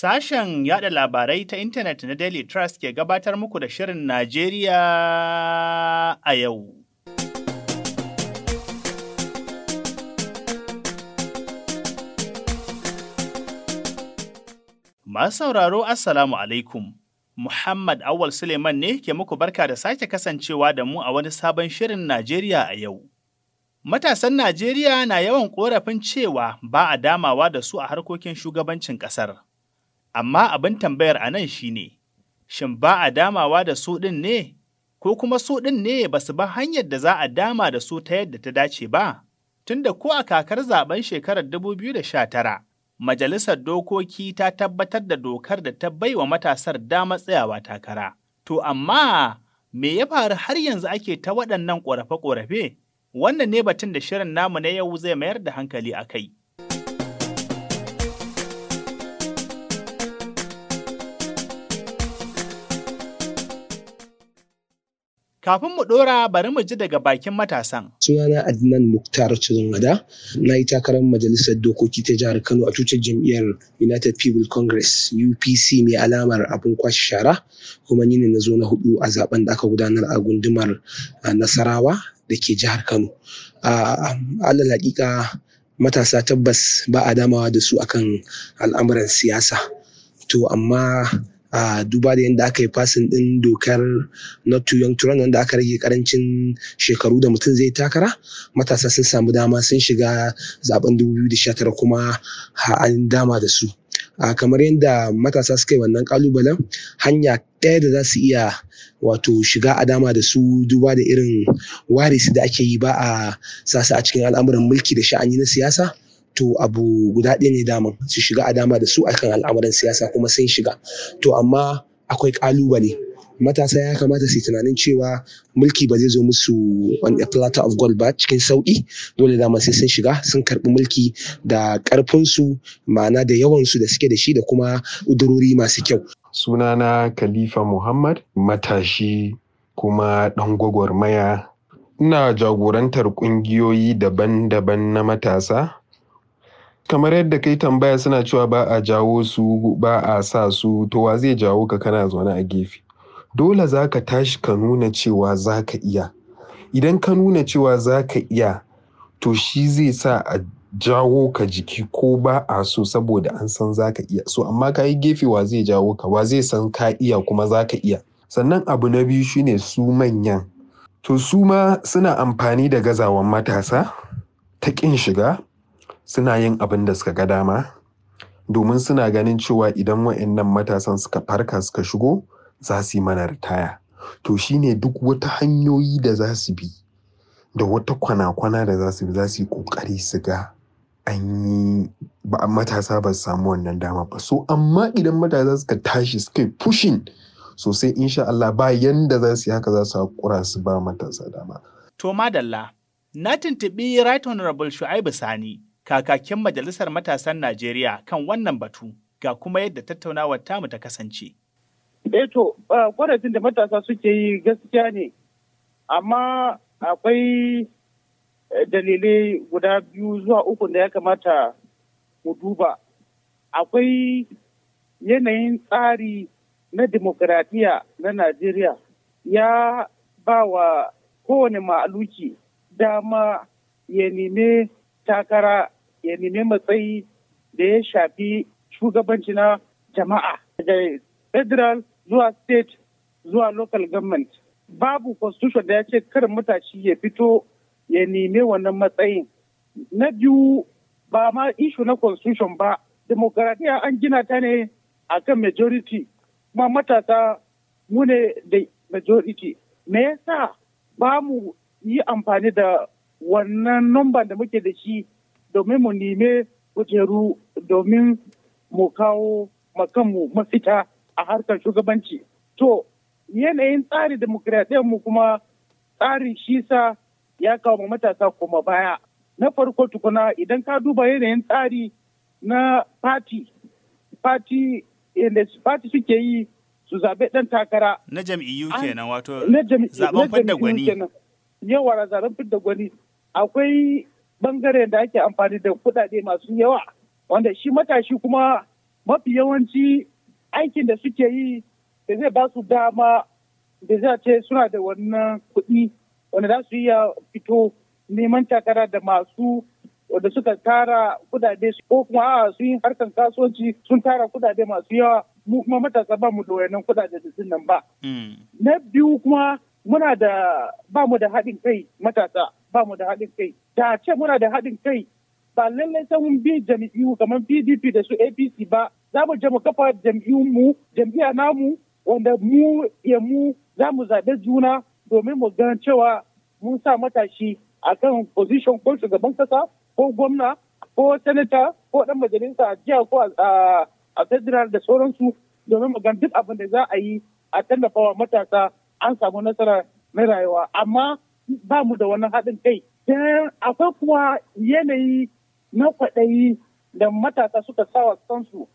Sashen yada labarai ta intanet na Daily Trust ke gabatar muku da Shirin Najeriya a yau. Masu sauraro Assalamu alaikum. Muhammad Awal Suleiman ne ke muku barka da sake kasancewa da mu a wani sabon Shirin Najeriya a yau. Matasan Najeriya na yawan korafin cewa ba a damawa da su a harkokin shugabancin ƙasar. Amma abin tambayar a nan shi ne, shin ba a damawa da su ɗin ne, ko kuma su ɗin ne ba su ba hanyar da za a dama da su ta yadda ta dace ba? Tunda ko a kakar zaben shekarar 2019, Majalisar Dokoki ta tabbatar da dokar da ta baiwa matasar dama tsayawa takara. To amma me ya faru har yanzu ake ta waɗannan ƙorafe-ƙorafe? Wannan ne batun da shirin namu na yau zai mayar da hankali a kai. Kafin mu ɗora bari mu ji daga bakin matasan. Sunana Adnan Muktar Cirungada, na yi takarar majalisar dokoki ta jihar Kano a tutar jam'iyyar United People Congress UPC mai alamar abin kwashe shara, kuma ni ne na zo na hudu a zaben da aka gudanar a gundumar Nasarawa da ke jihar Kano. Alal hakika matasa tabbas ba a damawa da su akan al'amuran siyasa. To amma a duba da yadda aka yi fasin ɗin dokar not too young to wanda aka rage karancin shekaru da mutum zai takara matasa sun samu dama sun shiga zaben 2019 kuma an dama da su a kamar yadda matasa suka yi wannan kalubalen hanya ɗaya da za su iya wato shiga a dama da su duba da irin warisi da ake yi ba a sasa a cikin al'amuran mulki da sha'ani na siyasa to abu guda ɗaya ne daman su shiga a dama da su akan al'amuran siyasa kuma sun shiga to amma akwai ƙalubale matasa ya kamata su tunanin cewa mulki ba zai zo musu on a platter of gold ba cikin sauƙi dole dama sai sun shiga sun karɓi mulki da ƙarfinsu ma'ana da yawansu da suke da shi da kuma udurori masu kyau sunana khalifa muhammad matashi kuma ɗan gwagwarmaya ina jagorantar ƙungiyoyi daban-daban na matasa kamar yadda kai tambaya suna cewa ba a jawo su ba a sa su to wa zai jawo ka kana zaune a gefe dole za ka tashi ka nuna cewa za ka iya idan ka nuna cewa za ka iya to shi zai sa a jawo ka jiki ko ba a so saboda an san za ka iya so amma ka yi gefe wa zai jawo ka wa zai san ka iya kuma za ka iya sannan abu na biyu shine su manyan to su ma suna amfani da gazawan matasa ta ƙin shiga suna yin abin da suka ga dama domin suna ganin cewa idan wa'annan matasan suka farka suka shigo za su yi mana ritaya to shine duk wata hanyoyi da za su bi da wata kwana-kwana da za su bi za su yi kokari su ga an yi matasa ba su samu wannan dama ba so amma idan matasa suka tashi suka yi pushing sosai insha Allah ba yanda za su yi haka za su haƙura su ba matasa dama. To madalla, na tuntuɓi Right Honorable Shu'aibu Sani, kakakin Majalisar Matasan Najeriya kan wannan batu ga kuma yadda tattaunawar tamu ta kasance. Eh to, da matasa suke yi gaskiya ne, amma akwai eh, dalilai guda biyu zuwa uku da ya kamata mu duba. Akwai yanayin tsari na demokradiyya na Najeriya ya ba wa kowane ma'aluki dama ya neme takara ya nemi matsayi da ya shafi shugabanci na jama'a daga federal zuwa state zuwa local government babu constitution da ya ce karin matashi ya fito ya nemi wannan matsayin na biyu ba ma ishu na constitution ba demokaradiyya an gina ta ne a kan majority kuma matasa mu ne da majority me yasa ba mu yi amfani da wannan numban da muke da shi domin mu nime kujeru domin mu kawo makanmu mafita a harkar shugabanci. To, yanayin tsari demokuraɗiyar mu kuma tsarin shisa ya kawo matasa kuma baya. Na farko tukuna idan ka duba yanayin tsari na fati, fati inda fati suke yi su zaɓe ɗan takara. Na jam'iyyu kenan wato zaɓen fidda gwani. Yawa zaɓen fidda gwani. Akwai bangaren da ake amfani da kudade masu yawa wanda shi matashi kuma mafi yawanci aikin da suke yi da zai ba su dama da za ce suna da wannan kuɗi wanda za su iya fito neman takara da masu wanda suka tara kudade ko kuma a su yi harkar kasuwanci sun tara kudade masu yawa mu kuma matasa ba mu da wayannan kudade da sun nan ba. Hmm. Na biyu kuma muna da ba mu da haɗin kai matasa ba mu da haɗin kai da ce muna da haɗin kai ba lallai sai mun bi jam'iyyu kamar PDP da su APC ba za mu je mu kafa jam'iyyun mu jam'iyya namu wanda mu ya mu za mu zaɓe juna domin mu gan cewa mun sa matashi a kan position ko shugaban kasa ko gwamna ko sanata ko dan majalisa a jiya ko a federal da sauransu domin mu gan duk abin da za a yi a tallafawa matasa an samu nasara na rayuwa amma ba mu da wani haɗin kai. Akwai kuwa yanayi na kwaɗayi da matasa suka sawa kansu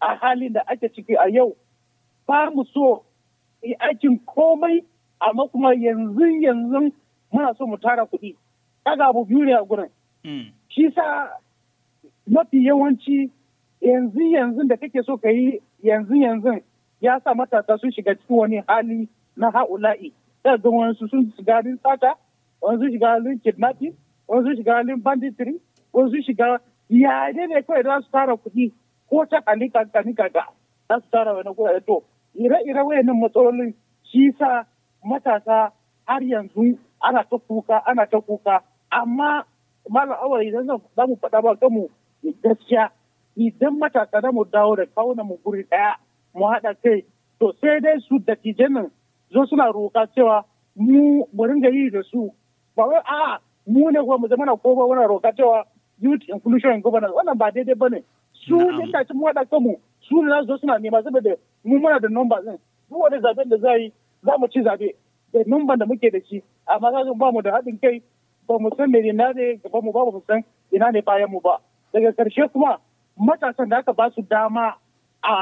a halin da ake ciki a yau. Ba mu so yi aikin komai amma kuma yanzu yanzu muna so mu tara kuɗi. Kaga abu biyu ne a gurin. Hmm. Shi sa mafi yawanci yanzu yanzu da kake so ka yi yanzu yanzu ya sa matasa sun shiga cikin wani hali na ha'ula'i. sai ga wasu sun shiga halin sata wasu shiga halin kidnapping wasu shiga halin banditry wasu shiga yare ne kawai za su tara kuɗi ko ta kanika kanika ga za su tara wani kuɗi to ire-ire wayannan matsalolin shi sa matasa har yanzu ana ta kuka ana ta kuka amma malam awa idan za mu faɗa ba kanmu gaskiya idan matasa za mu dawo da kawunan mu guri ɗaya mu haɗa kai to sai dai su dattijan nan zo suna roƙa cewa mu mu da yi da su ba wai a'a mu ne kuma mu zama na ko ba wani roƙa cewa youth inclusion and governance wannan ba daidai bane su ne ta ci mu haɗa kanmu su ne zo suna nema saboda mu muna da number din duk wani zaben da za yi za mu ci zabe da number da muke da shi amma ka ba mu da haɗin kai ba mu san mene na ne gaba mu ba mu san ina ne bayan mu ba daga karshe kuma matasan da aka ba su dama a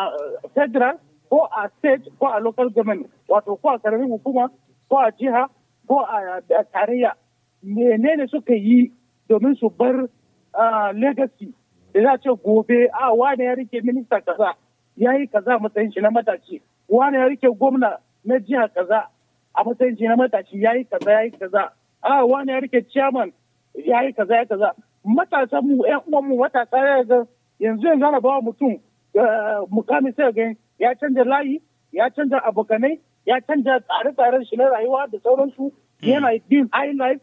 federal ko a state ko a local government wato ko a karamin hukuma ko a jiha ko a tarayya menene suka yi domin su bar legacy da za ce gobe a wane ya rike minista kaza ya yi kaza matsayin shi na matashi wane ya rike gwamna na jiha kaza a matsayin shi na matashi ya yi kaza ya yi kaza a wane ya rike chairman ya yi kaza ya kaza matasan mu yan uwan mu matasa ya yanzu yanzu ana bawa mutum eh, mukamin sai ga ya canza layi ya canza abokanai ya canza tsare-tsaren shi na rayuwa da sauransu hmm. yana yin high life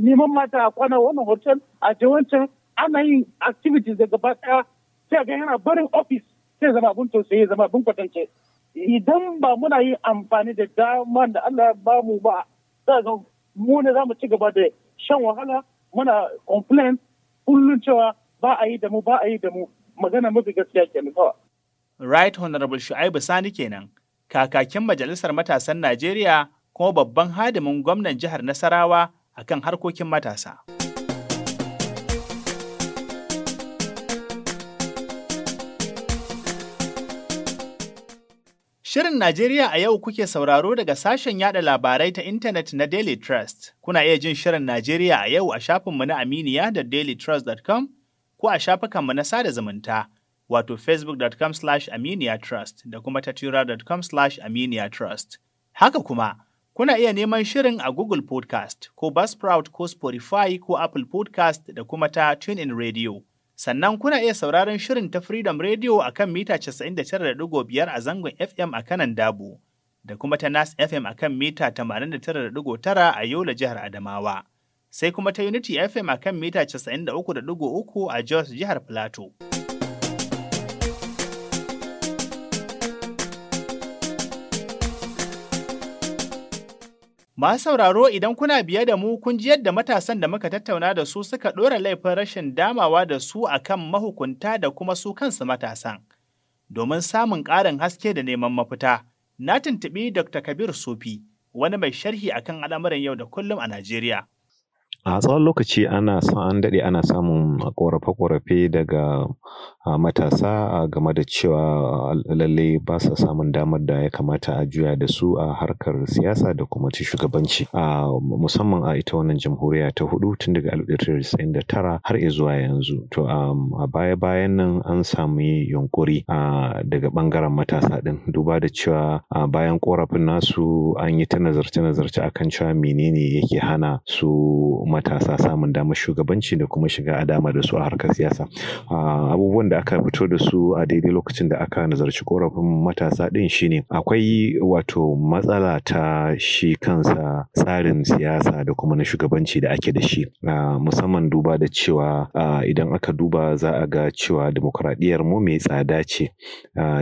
neman mata a kwana wannan hotel a je wancan ana yin activities da gaba daya sai ga yana barin office sai zama abun tausayi ya zama abun kwatance idan ba muna yin amfani da dama da Allah ya ba mu ba za ga mu ne za mu ci gaba da shan wahala muna complain kullun cewa ba a yi da mu ba a yi da mu magana mafi gaskiya kenan kawai Right Honorable Shu'aibu Sani kenan, kakakin Majalisar Matasan Najeriya kuma babban hadimin gwamnan jihar Nasarawa a kan harkokin matasa. Shirin Najeriya a yau kuke sauraro daga sashen yada labarai ta intanet na Daily Trust. Kuna iya jin Shirin Najeriya a yau a shafinmu na aminiya da dailytrust.com ko a shafukanmu na sada zumunta. wato facebook.com slash da kuma tatura.com slash trust Haka kuma, kuna iya neman shirin a Google Podcast ko Buzzsprout ko Spotify ko Apple Podcast da kuma ta TuneIn Radio. Sannan kuna iya sauraron shirin ta Freedom Radio a kan mita 99.5 a zangon FM a kanan Dabo, da kuma ta Nas FM a kan mita 89.9 a Yola jihar Adamawa. Sai kuma ta Unity FM a kan mita 93.3 a Jos jihar Plateau. Masu sauraro idan kuna biye da mu kun ji yadda matasan da muka tattauna da su suka ɗora laifin rashin damawa da su akan mahukunta da kuma su kansu matasan. Domin samun ƙarin haske da neman mafita, na tuntuɓi Dr. Kabir Sufi, wani mai sharhi akan al'amuran yau da kullum a Najeriya. A tsawon lokaci ana sa an daɗe ana samun ƙorafe-ƙorafe daga matasa game da cewa lalle ba sa samun damar da ya kamata a juya da su a harkar siyasa da kuma ta shugabanci. A musamman a ita wannan jamhuriya ta hudu tun daga tara har zuwa yanzu. To a baya-bayan nan an sami yunƙuri daga ɓangaren matasa ɗin duba da cewa bayan ƙorafin nasu an yi ta nazarce-nazarce akan cewa menene yake hana su matasa samun damar shugabanci da kuma shiga a dama da su a harkar siyasa abubuwan da aka fito da su a daidai lokacin da aka nazarci korafin matasa ɗin shine akwai wato matsala ta shi kansa tsarin siyasa da kuma na shugabanci da ake da shi musamman duba da cewa idan aka duba za a ga cewa demokradiyyar mu mai tsada ce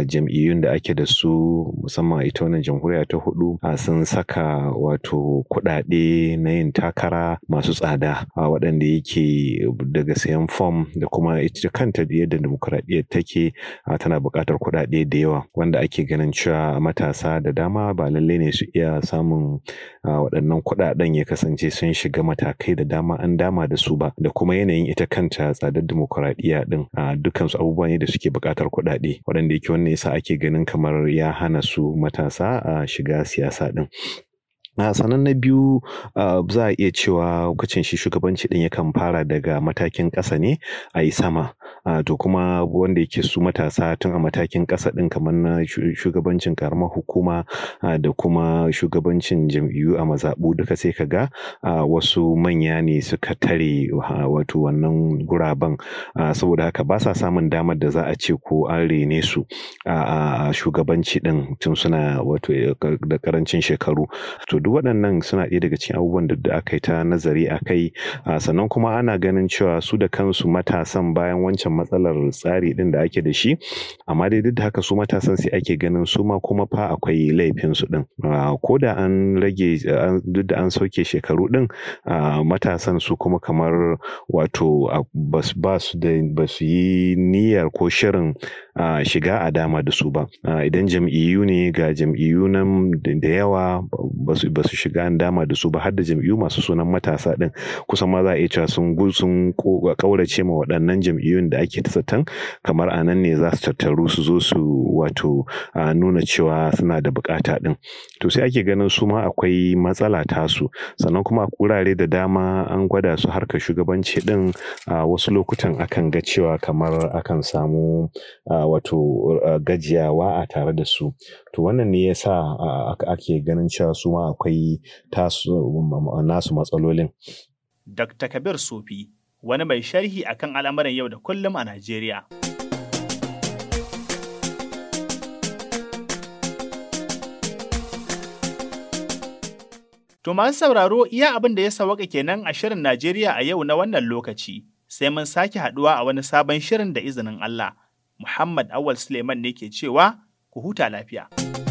jam'iyyun da ake da su musamman ita wannan jamhuriya ta hudu sun saka wato kuɗaɗe na yin takara masu tsada a waɗanda yake daga sayan fom da kuma ita kanta yadda dimokuraɗiyya take tana buƙatar kuɗaɗe da yawa wanda ake ganin cewa matasa da dama ba lallai ne su iya samun waɗannan kuɗaɗen ya kasance sun shiga matakai da dama an dama da su ba da kuma yanayin ita kanta tsadar demokuraɗiyya ɗin su abubuwa ne da suke buƙatar kuɗaɗe waɗanda yake wannan yasa ake ganin kamar ya hana su matasa a shiga siyasa ɗin Ah, sannan na biyu ah, za a iya cewa lokacin shi shugabanci ɗin yakan fara daga matakin ƙasa ne a yi sama. Ah, to kuma wanda yake su matasa tun a matakin ƙasa ɗin kamar na shugabancin karamar hukuma ah, da kuma shugabancin jam'iyyu a mazaɓu duka sai ka ga ah, wasu manya ne suka tare wato wannan guraben saboda haka ba sa samun damar da za a ce ko an rene su a shugabanci ɗin tun suna wato eh, da karancin shekaru to duk waɗannan suna ɗaya daga cikin abubuwan da aka yi ta nazari a kai sannan kuma ana ganin cewa su da kansu matasan bayan wancan wannan matsalar tsari din da ake da shi amma dai duk da haka su matasan sai ake ganin su ma kuma fa akwai laifin su din ah, ko da an rage duk da an sauke shekaru din ah, matasan su kuma kamar wato ba da ba su yi niyyar ko shirin shiga a dama da su ba idan jam'iyyu ne ga jam'iyyu nan da yawa ba su shiga a dama da su ba har da jam'iyyu masu sunan matasa ɗin, kusan ma za a iya sun sun kaurace ma waɗannan jam'iyyun da ake tasatan kamar a nan ne za su tattaru su zo su wato nuna cewa suna da bukata ɗin? to sai ake ganin su ma akwai matsala tasu sannan kuma a wurare da dama an gwada su harkar shugabanci ɗin, a wasu lokutan akan ga cewa kamar akan samu wato eh, gajiyawa a tare da su to wannan ne yasa ake ganin cewa su ma akwai nasu matsalolin Dr. Kabir Sufi wani mai sharhi akan al'amuran yau da kullum a Najeriya. To masu sauraro iya abin da ya sawaka kenan a shirin Najeriya a yau na wannan lokaci, sai mun sake haduwa a wani sabon shirin da izinin Allah. Muhammad Awal Suleiman ne ke cewa ku huta lafiya.